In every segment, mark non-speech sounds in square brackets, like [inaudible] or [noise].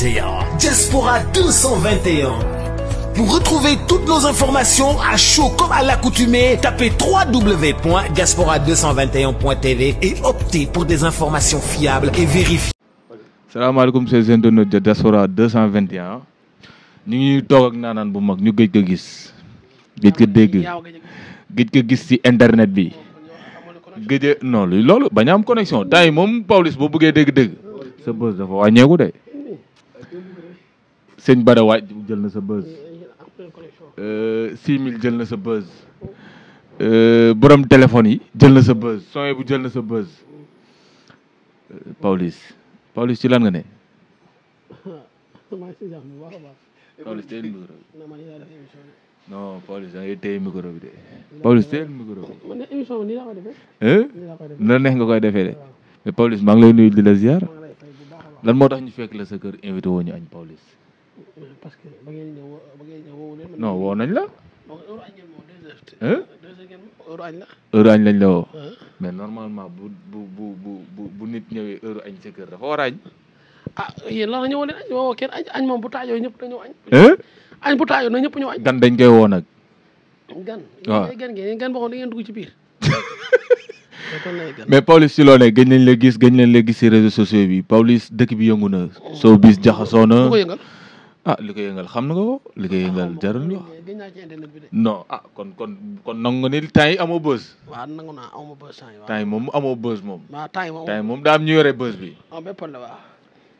221 Diaspora 221 pour retrouver toutes nos informations à chaud comme à l'accoutumée tapez www.diaspora221.tv et optez pour des informations fiables et vérifiées. salaamaaleykum seen internautes de Diaspora 221 ñu ngi toog ak naanaan bu mag ñu gëj ko gis gëj ko dégg gëj ko gis ci internet bi gëj non loolu bañ am connexion temps yi moom Pawlish boo bëggee dégg dég sa bës dafa wàññeeku de. sëñ Bada waaj jël na sa buzz. 6000 euh, jël na sa buzz. Euh, borom téléphone yi jël na sa buzz son bu jël na sa buzz. Euh, Pawlish Pawlish ci lan nga ne. [laughs] Pawlish teel micro bi. non Pawlish da ngay neex nga koy defee de. mais Pawlish maa ngi lay nuyu di la ziar. lan moo tax ñu fekk la sa kër invité woo ñu añ Pawlish. parce que ba ngeen ñëw ba ngeen woo nañ la. heure añ la. añ lañ la woo. mais normalement bu bu bu bu bu nit ñëwee heure añ sa dafa war a añ. ah yéen lan la ñëwoon leen añ woo kenn añ añ moom bu taajoo ñëpp dañoo añ. añ bu taajoo na ñëpp ñëw añ. gan dañ koy woo nag. gan waaw gan ngeen gan boo xam ne ngeen dugg ci biir. [laughs] mais Pawlish si loo ne gëj nañ la gis gëj nañ la gis si réseaux sociaux bi Pawlish dëkk bi yëngu na. Oh. soo bis jaxasoo na. a ah, li ko yëngal xam na ko li ko yëngal jarul ñu non ah kon kon kon nangu nga ni temps yi amoo bës. waaw nangu naa amoo bës temps yi waaw. yi moom amoo bës moom. waaw temps yi moom temps ñu yore bës bi. ah bépp la waaw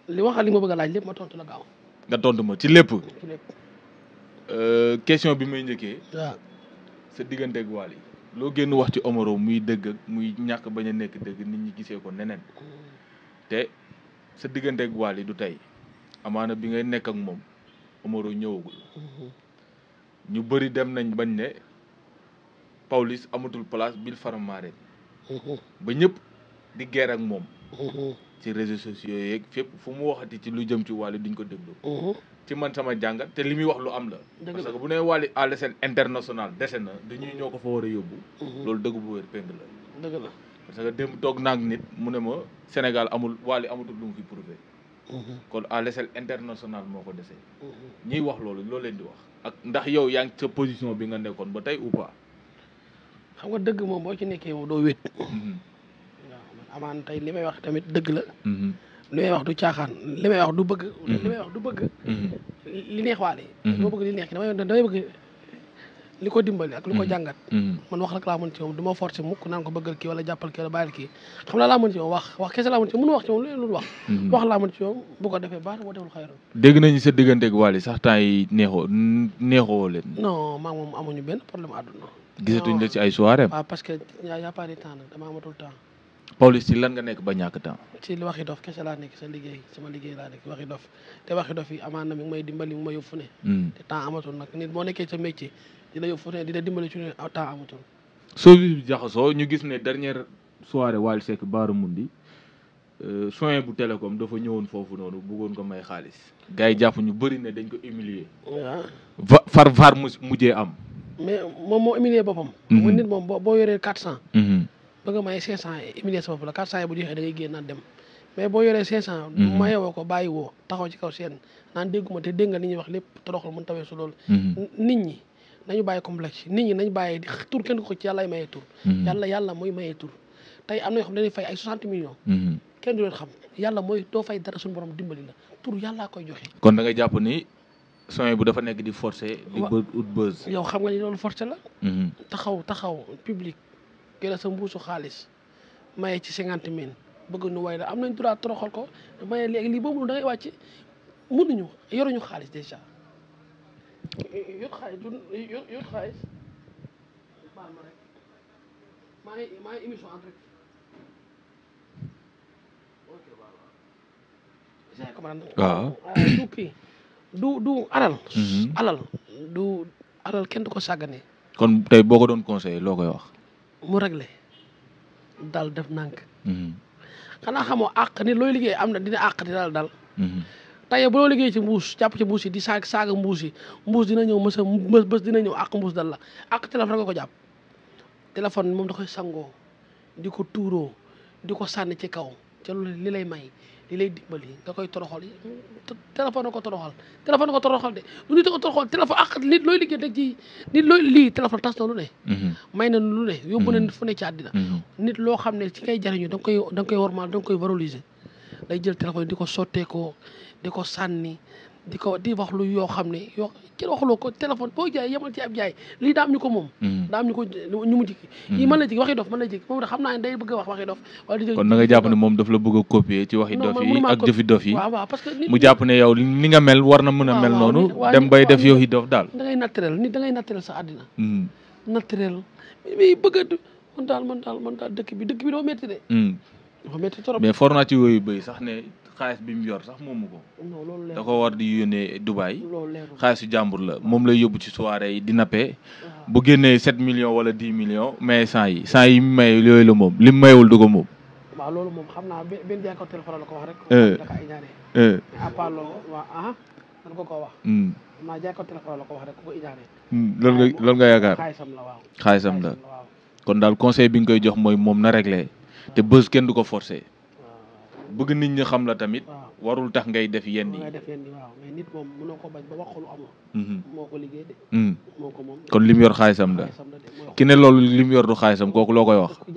li waxal li ma bëgg a laaj lépp ma tontu la nga tontu ma ci lépp. ci euh, question bi may njëkkee. sa digganteeg Wally. loo génn wax ci Omaro muy dëgg ak muy ñàkk bañ a nekk dëgg ni ñi gisee ko neneen. Mm. te sa digganteeg Wally du tey amaana bi ngay nekk ak moom. Omaro ñëwagul. Mhm. ñu bëri dem nañ bañ ne Pawlish amatul place bil faramaare mhm. ba ñëpp di guerre ak moom. Mhm. ci réseaux sociaux yeeg fépp fu mu waxati ci lu jëm ci Wally duñ ko déglu. ci man sama jàngat te li muy wax lu am la. parce que bu nee Wally à l'échelle internationale dese na dañuy ñoo ko fa war a yóbbu. loolu dëgg bu wér péng parce que démb toog naag nit mu ne ma Sénégal amul Wally amatul lu fi prouvé. kon à l'échelle internationale moo ko desee mm-hmm. ñiy wax loolu loo leen di wax ak ndax yow yaa ngi sa position bi nga nekkoon ba tey ou pas xam nga dëgg moom boo ci nekkee moom doo wéet mm-hmm. waaw amaan tey li may wax tamit dëgg la mm-hmm. li wax du caaxaan li may wax du bëgg li wax du bëgg neex waale boo bëgg li neex damay damay bëgg li ko dimbali ak li ko mm. jàngat mm. man wax rek laa mën ci moom du ma forcé mukk naan ko bëggal kii wala jàppal kii wala bàyyil kii xam la laa mën ci moom wax kese laa mën ci moom mënu wax mm-hmm. ko defee baax boo deful xayroon dégg nañu sa diggante ak Wally sax temps yi neexoo neexoo leen non maa moom amuñu benn problème àdduna gisatuñ la ci ay soirée waaw ah, parce que y'a pas de temps nag dama amatul lan nga nekk ba ñàkk temps ci li waxi dof kese laa nekk sa liggéey sama liggéey laa nekk waxi dof te waxi dof yi amaan na mi ngi may dimbali ma yóbbu mm. te temps amatul nag nit boo nekkee sa métier di la yóbbu fu ne di la dimbale ci ne temps amatul. service bi ñu gis ne dernière soirée Wally Seck Baara Mundi euh, soin bu télécom dafa ñëwoon foofu noonu buggoon ko may xaalis. gars yi jàpp ñu bëri ne dañ ko humilier. Ah. va far far mu mujjee am. mais moom moo humilier boppam. mu mhm. nit moom boo boo yoree 400. ba nga may 500 humilier sa bopp la 400 yi bu joxee dangay ngay génn naan dem mais boo yoree 500. maye woo ko bàyyi woo taxaw ci kaw seen naan dégguma te dégg nga li ñuy wax lépp toroxal mun tawee su loolu. Mhm. nit ñi. nañu bàyyi complexe nit ñi nañ bàyyi tur kenn ko ci yàlla ay maye tur mm-hmm. yàlla mooy maye tur tey am na yoo xam ne fay ay 60 millions mm-hmm. kenn du leen xam yàlla mooy doo dara suñ borom dimbali la tur yàllaa koy joxe kon dangay jàpp ni soin bu dafa nekk di forcé di ut yow xam nga ni loolu forcé la mm-hmm. taxaw taxaw public gëla sa mbuusu xaalis maye ci cinquante mille bëgg nu way la am nañ droit toroxal ko maye léegi lii boobu da ngay wàcc mënuñu yoruñu xaalis dèjà yóot xaalis ah. euh, mhm. du alal kenn du ko sàggane kon tey boo ko doon conseillé loo koy wax mu réglé daal def nànk mhm. xanaa xamoo àq ni looy liggéey am na dina àq di daal daal mhm. tey bu loo liggéey ci mbuus jàpp ci mbuus yi di saag saaga mbuus yi mbuus dina ñëw mësa bés dina ñëw ak mbuus dal la ak téléphone nga ko jàpp téléphone moom da koy sangoo di ko tuuroo di ko sànni ci kaw ca lu lay may li lay dimbali nga koy toroxal téléphone na ko toroxal téléphone ko toroxal de lu nit ko toroxal téléphone ak nit looy liggéey rek ci nit tas na lu ne mm-hmm. may na lu ne yóbbu na nit mm-hmm. fu ne ci àddina mm-hmm. nit loo xam ne ci ngay jariñu da nga koy da nga koy warmaal da nga koy valoriser day jël téléphone di ko sotteekoo di ko sànni di ko di wax lu yoo xam ne yoo ci waxuloo ko téléphone boo jaay yemal ci ab jaay lii daam ñu ko moom. Mm. daam ñu ko ñu mu jikki mm. yi mën na jikki waxi moom day bëgg a wax waxi dof. wala di kon na nga jàpp ne moom daf la bëgg a ci waxi ak jëfi parce que mu jàpp ne ni nga mel war na a mel noonu. dem bay def yow daal. da ngay naturel nit da naturel sa àddina. Mm. naturel mi bëgg a daal man daal dëkk bi dëkk bi doo métti de dafa métti trop mais fornaci yooyu bëy sax ne xaalis bi mu yor sax moomu ko. da ko war di yónnee Dubaay. xaalisu jàmbur la moom lay yóbbu ci soirée yi di nappe. bu génnee 7 millions wala 10 millions mais cent yi cent yi mu may yooyu la moom li mu mayewul du ko moom. loolu moom xam naa benn jaay la ko wax rek. Euh. da euh. ah, ko ko wax. maa hmm. ko téléphone hmm, loolu nga loolu nga yaakaar xaalisam la xaalisam la kon daal conseil bi nga koy jox mooy moom na réglé. te bës kenn du ko forcer. Ah. bëgg nit ñi xam la tamit. Ah. warul tax ngay def yenn yi. def yenn yi waaw mais ba wax lu amul. Mhm. moo ko liggéey de. Mhm. moo ko moom kon li mu yor xaalisam la. ki ne loolu li yor du xaalisam kooku loo koy wax. Mhm. ko koo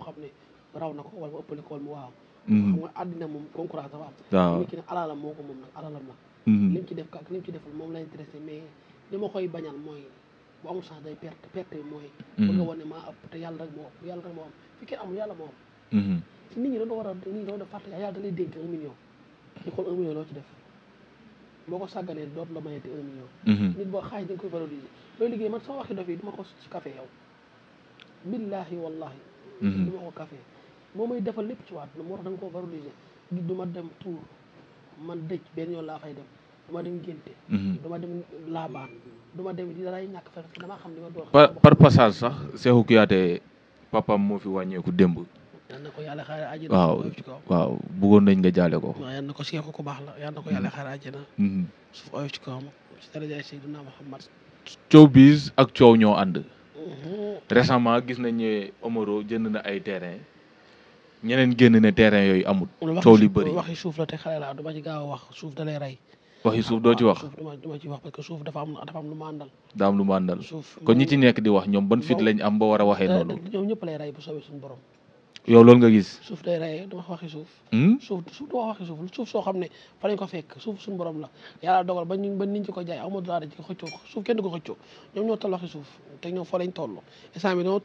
xam ne raw na ko a mu ëppale ko wala mu waaw. xam nga àddina moom concurrence dafa am. waaw ki ne alalam moo ko moom nag alalam la. li mu ci def ak li mu ci defal moom la intéressé mais li ma koy bañal bu amul sax day perte perte yi mooy. ba mhm. nga wane maa ëpp te yàlla rek moo yàlla rek moo am fi kenn amul yàlla moo am. Mhm. nit ñi dañoo war a nit ñi dañoo def fàtte yàlla da lay dénk un million. loo ci def boo ko sàgganee dootu la mayati un million. Mhm. nit boo xaaj da nga koy valoriser looy liggéey man sama waxi dof yi ma ko ci café yaw billahi wallahi. du ma ko café moo may defal lépp ci waat moo tax da nga koo valoriser du ma dem tour man dëj benn yoon laa fay dem. duma dem génte mhm. duma dem laabaan duma dama xam li ma par passage sax Cheikhou Kouyaté papaam moo fi wàññeeku démb yàlla xaare àjjana waaw waaw bëggoon nañ nga jaale ko waaw yal ko Cheikhou ku baax la yal ko yàlla mhm. xaare àjjana mhm. suuf oyof ci coow biis ak coow ñoo ànd récemment gis nañ ne Omaro jënd na ay terrain ñeneen génn na terrain yooyu amul coow li bëri waxi suuf la te xale laa a wax suuf da lay rey waxi suuf doo ci wax doo wax parce que dafa am dafa am lu ma àndal daa am lu ñi ci nekk di wax ñoom ban fit lañ am ba war a waxee noonu ñoom ñëpp lay suuf day rey du wax waxi suuf hmm? suuf suuf du wax xam ne fa ko fekk suuf suñu la yàlla dogal ba ba nit ñi ko jaay aw ma dara ci ñoom ñoom fa lañ toll instant hmm.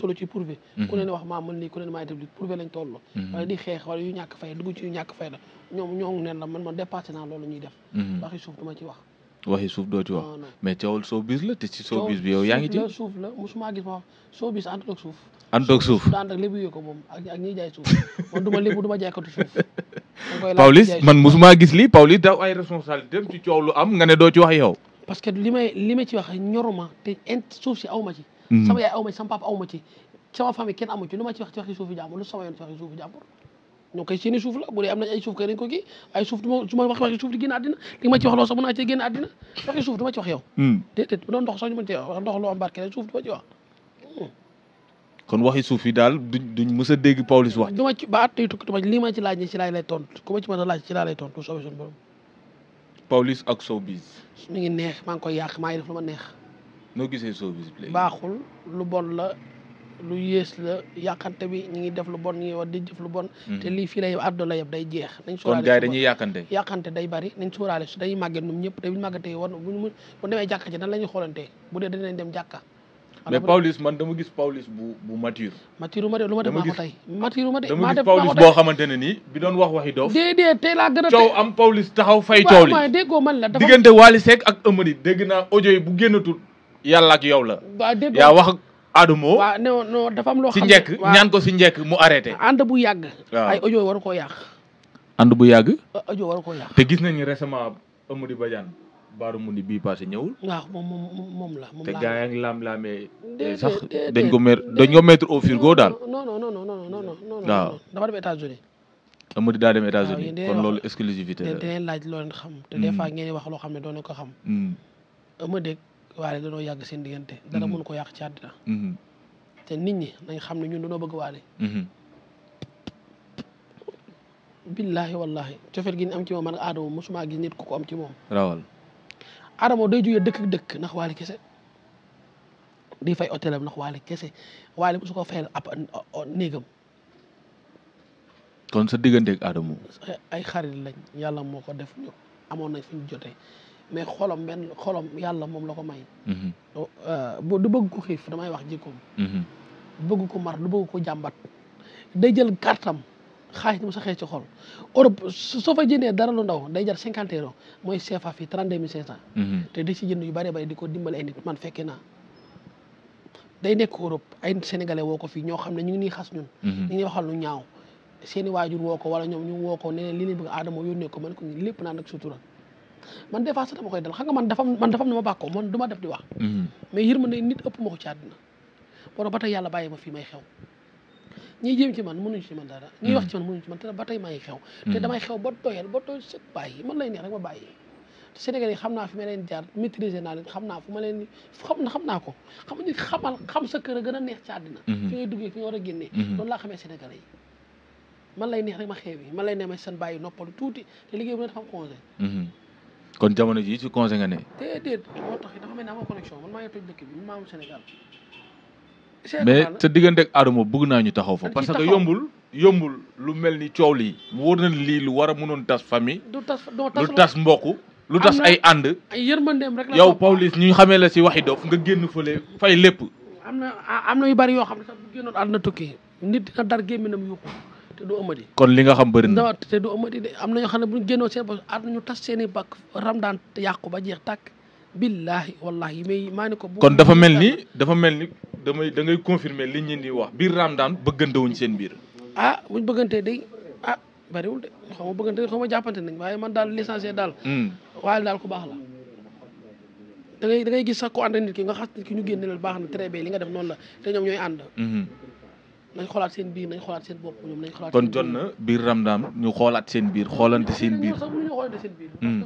ku ne wax maa mën lii ku ne ne maa def lii prouver lañ toll hmm. wala di xeex wala yu ñàkk fay dugg ci yu fay la ñoom ñoo neen la man man dépassé naa loolu ñuy def. Mhm. waxi suuf duma ci wax. waxi suuf doo ci wax mais teewul showbiz la te ci yow yaa ngi suuf la mosuma gis ma wax showbiz àndul ak suuf. àndul ak suuf ànd ak lébu ko moom ak ak jaay suuf man du ma lébu du ma jaaykatu suuf. [laughs] Pawlish man mosuma gis lii Pawlish daaw ay responsabilité ci coow lu am nga ne doo ci wax yow. parce que li may li ma ci wax ñoruma te suuf si aw ma ci. Mhm. sama yaay aw ma ci sama papa aw ma ci sama famille kenn amu ci lu ma ci wax ci waxi suufu jàmbur sama yoon ci waxi suufu jàmbur. ñoo koy seeni suuf la bu dee am nañ ay suuf kay dañ ko kii ay suuf du ma su ma wax suuf loo sax mën naa cee génn àddina du ma ci wax yow hmm. déedéet hmm. kon waxi suuf yi daal du duñ mës a dégg Pawlish wax du ma ci ba at tey tukki du ma lii ma ci laaj ni ci laay lay tontu ku ma ci mën a laaj ci laa lay tontu soobee ak soobis mi ngi neex maa ngi koy yàq maa ngi ma neex noo gisee showbiz bi baaxul lu bon la lu yées la yàqante bi ñu ngi def lu bon ñu ngi wax di jëf lu bon. Hmm. te lii fii lay àdduna la yëpp day jeex. nañ suuraale kon gars yi dañuy yàqante. yàqante day bari nañ suuraale su dañuy màgget ñoom ñëpp te bu ñu màggatee war bu ñu bu demee jàkka ci nan la ñuy bu ma de lu ma def maa ko tey. mature ma de maa ne nii bi doon wax waxi doof. a coow am Pawlish taxaw fay coow li. waaw déggoo man la ak Amady dégg la. waaw déggoo yaa wax Adamo waaw non non dafa am loo xam ne ñaan ko si njëkk mu arrêté. ànd bu yàgg. ay audio waru ko yàq. bu yàgg. audio waru koo yàq. te gis nañ récemment Amady Badiane baaru mu ni bii passé ñëwul. waaw moom moom moom la. moom la te gaa yaa laam-laamee. Eh, sax dañ ko mettre au frigo daal. non non non non non non non dafa dem États-Unis. Amady daa dem États-Unis kon loolu exclusivité la. dinañ laaj loo xam. te des hmm. fois ngeen wax loo xam ne doo leen ko xam. Hmm. waale dañoo yàgg seen diggante. dara mhm. mënu ko yàq ci àddina. Mhm. te nit ñi nañ xam ne ñun dañoo bëgg waale. Mhm. billahi wallahi cofeel gi ñu am ci moom man Adama mosuma gis nit ku ko am ci moom. rawal Adama day jugee dëkk dëkk ndax waale kese. di fay hôtelam ndax waale kese waale mosu ko fayal ab néegam. kon sa digganteeg Adamo ay xarit lañ yàlla moo ko def ñu amoon nañ fi ñu mais xolam benn xolam yàlla moom la ko may. Mhm. Euh, bu du bëgg ko xiif damay wax jikkoom. Mhm. du bëgg ko mar du bëgg ko jàmbat. day jël kartam xaalis mu saxee ci xol Europe soo fa jëndee dara lu ndaw day jar cinquante euros mooy CFA fii trente deux mille cinq cent. Mhm. te da ci jënd yu bëree bëri di ko dimbale ay nit man fekkee naa. day nekk Europe ay sénégalais woo ko fii ñoo xam ne ñu ngi nii xas ñun. ñu ngi seeni waajur woo ko wala ñoom ñu woo ko ne li leen bëgg aadama yónnee ko man ko lépp naan ak sutura man des fois sax a koy dal xam nga man dafa man dafa am na ma bàkkoo man du ma def di wax mm-hmm. mais ëpp ma ko ci àddina yàlla bàyyi ma fii may xew ñi jéem ci man mënuñ ci man dara ñi wax ci man mënuñ ci man ba tey maa ngi xew damay mm-hmm. xew ba doyal ba doy sëg bàyyi man lay neex rek ma bàyyi te Sénégal yi xam naa fi ma leen jaar maîtriser naa leen xam naa fu ma leen xam na xam naa ko xam nit xamal xam sa kër gën a neex ci àddina mm-hmm. fi ngay duggee fi nga war a génnee noonu laa xamee Sénégal yi man lay neex rek ma xeewi ma lay neex ma seen bàyyi noppalu tuuti te liggéey bu ne dafa am conseil. Mhm. kon jamono jii ci conseil nga ne. déedéet moo tax dafa mel mais sa diggante ak Adamo bëgg naa ñu taxaw fa parce que yombul. yombul lu mel ni coow lii mu wóor na lii lu war a mënoon tas famille. du tas lu tas mbokk. lu tas ay ànd. ay yërmandeem rek la yow Pawlish ñu xamee la si waxi dof nga génn fële fay lépp. am na am na yu bari yoo xam ne sax bu na àdduna tukki nit dina dar gémminam yuuxu te du ëmmadi. kon li nga xam bëri na non te du ëmmadi de am na ñoo xam ne bu ñu génnoo seen bopp at ñu tas seen i bàq ramdaan yàqu ba jeex tàkk. billahi wallahi mais maa ne ko. kon dafa mel ni dafa mel ni damay da ngay confirmer li ñu di wax biir ramdaan bëggantewuñ seen biir. ah buñ bëggantee de ah bariwul de xaw ma bëggante xaw ma jàppante nañ waaye man daal licencié daal. Hmm. waaye daal ko baax la. da da ngay gis sax ko ànd nit ki nga xas nit ki ñu génne la baax na très bien li nga def noonu la te ñoom ñooy nañ xoolaat seen biir nañ xoolaat seen bopp ñoom nañ xoolaat kon jot na biir ramdam ñu xoolaat seen biir xoolante seen biir sax hmm.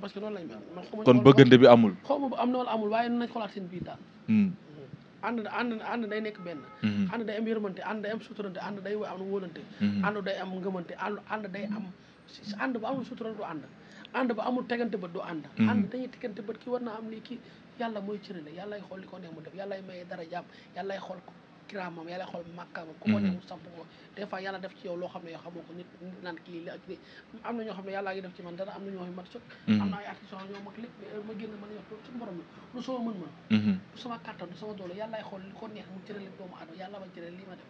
parce que noonu lañ mel kon bëggante bi amul xaw ma am na wala amul waaye nañ xoolaat seen biir daal and hmm. ànd day nekk benn hmm. ànd day am yërmante ànd day am suturante ànd day am wóolante ànd day am ngëmante ànd day am ànd ba amul suturante du ànd ànd ba amul tegante bët du ànd ànd dañuy tegante ki war na am lii ki yàlla mooy cërale yàllay xool li ko neex mu def yàllay maye dara jàmm yàllay xool ko kiraam moom yàlla xool màkkaam ku ko ñëw mhm. samp ko def ci yow loo xam ne yoo ko nit nit naan ñoo xam ne yàlla ngi def ci man dara am na ñoo xam ne man mhm. ma génn ma du sama mhm. kàttan du sama doole yàllaay xool ko neex mu cërale doomu aadama yàlla ma cërale lii ma def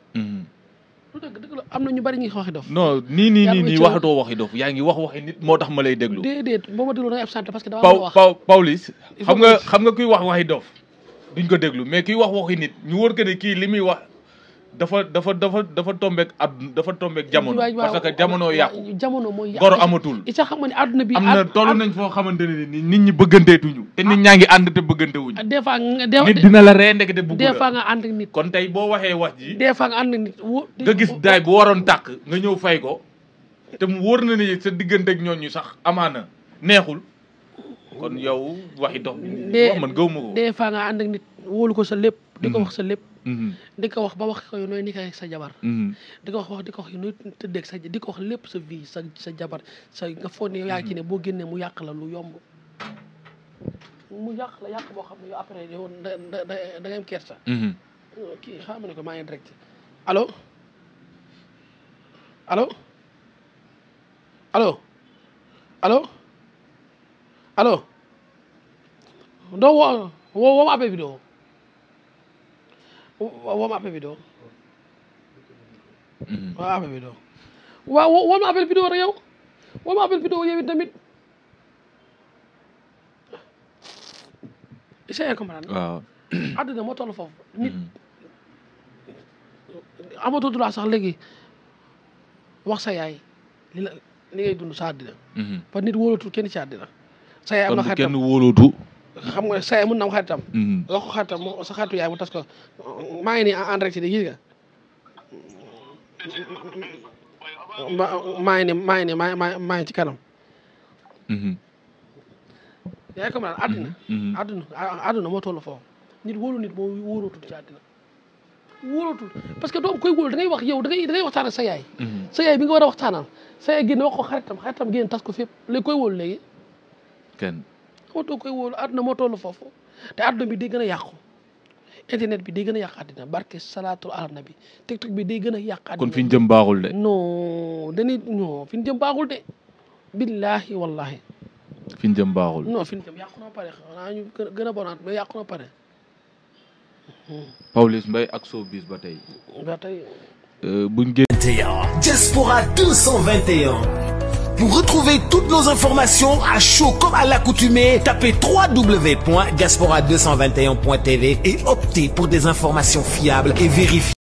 lu dëgg dëgg la na ñu bari nii nii nii nii waxatoo waxi dof yaa ngi wax waxi nit moo tax ma lay déglu déedéet boo ma déglu da ngay absenté parce que dama wax xam nga xam nga kuy wax waxi dof duñ ko déglu mais kiy wax waxi nit ñu wër que ne kii li wax dafa dafa dafa dafa tombeek àdduna dafa tombeek jamono parce que jamono yàqu jamono mooy yàqu goro amatul i sax xam nga àdduna bi am na toll nañ foo xamante ne ni nit ñi bëgganteetuñu te nit ñaa ngi ànd te bëggante wuñu des fois nit dina la ree ndek te bëgg des fois nga ànd nit kon tey boo waxee wax ji des fois nga ànd ak nit nga gis daay boo waroon tàkk nga ñëw fay ko te mu wóor na ne sa diggante ak ñooñu sax amaana neexul kon yow waxi dox bi wax ma ko. des fois nga ànd ak nit wóolu ko sa lépp. di ko mhm. wax sa lépp. Mhm. di ko wax ba wax ko nooy nekkee ak sa jabar. Mhm. di ko wax wax di ko wax yu sa di ko lépp sa vie sa sa jabar sa nga foog ne yaa ci ne boo génnee mu yàq la lu yomb. mu yàq la yàq boo xam ne yow après yow da da kersa. Oh, kii xam ne ko maa ngi direct alo do wo woma appe vidéo woma appe vidéo woma appe vidéo waaw woma [coughs] appel vidéo rek yow woma appel vidéo yow it tamit c'est incomprendre waaw àddina moo toll foofu nit mm-hmm. amatoo droit sax léegi wax sa yaay li la li ngay dund sa àddina parce mm-hmm. que nit wóolatul kenn ci àddina sa yaay na xaritam kon kenn xam nga sa yaay mun na am xaritam. Mm-hmm. wax ko xaritam mu maa ngi nii en direct di gis nga. maa ngi nii maa ngi nii maa ngi ci kanam. yaa ngi comprendre àddina. àdduna mm-hmm. Mm-hmm. àdduna moo toll foofu. nit wóolu nit moo wóolootul ci àddina. wóolootul parce sa yaay. sa yaay bi nga war a waxtaanal sa yaay génn wax ko xaritam xaritam génn tas ko fépp léegi koy wóolu léegi. kenn dootoo koy wóolu àdduna moo toll foofu te àdduna bi day gën a yàqu internet bi day gën a yàq àddina barke salaatul ala nabi tiktok bi day gën a yàq àddina kon fi ñu jëm baaxul de non dañuy fi ñu jëm baaxul de billaahi wallaahi fi ñu jëm baaxul non fi ñu jëm yàqu na pare xanaa ñu gën a bonaat mais yàqu na pare Pawlish Mbaye ak Showbiz ba tey ba tey euh, buñ Pour retrouver toutes nos informations à chaud comme à l'accoutumée, tapez cent 221tv et optez pour des informations fiables et vérifiées.